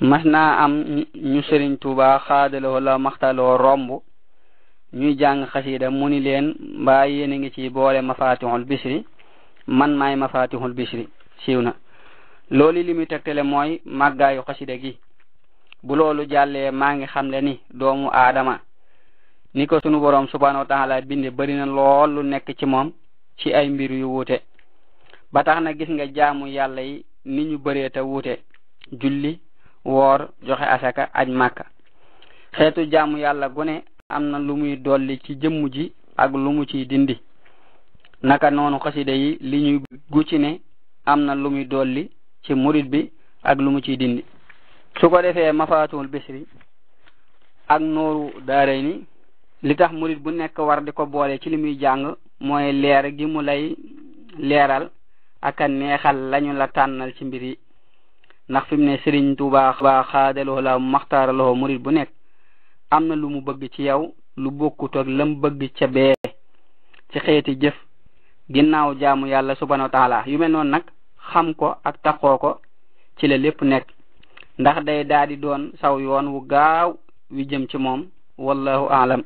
mas naa am ñu sëriñ tuuba xaadaloo la maxtaloo romb ñuy jàng xasida mu ni leen mbaa yéen a ngi ci boole mafatihul bisri man maay mafatihul bisri siiw na loolu li muy tegtale mooy màggaayu xasida gi bu loolu jàllee maa ngi xamle ni doomu aadama ni ko sunu boroom subhanahu wa taala bindi bari na lool lu nekk ci moom ci ay mbir yu wuute ba tax na gis nga jaamu yàlla yi ni ñu bëree te wuute julli woor joxe asaka aj makka xeetu jaamu yàlla gune am na lu muy dolli ci jëmm ji ak lu mu ciy dindi naka noonu xasida yi li ñuy gu ci ne am lu muy dolli ci murid bi ak lu mu ciy dindi su ko defee mafaatul bisri ak nooru daaray ni li tax murid bu nekk war di ko boole ci li muy jàng mooy leer gi mu lay leeral ak neexal lañu la tànnal ci mbir ndax fi mu ne sëriñ Tuubaa baa xaadaloo la maxtaaraloo murit bu nekk am na lu mu bëgg ci yow lu bokkut ak lam bëgg ca bee ci xeeti jëf ginnaaw jaamu yàlla subhanahu wa taala yu mel noon nag xam ko ak taxoo ko ci la lépp nekk ndax day daal di doon saw yoon wu gaaw wu jëm ci moom wallahu aalam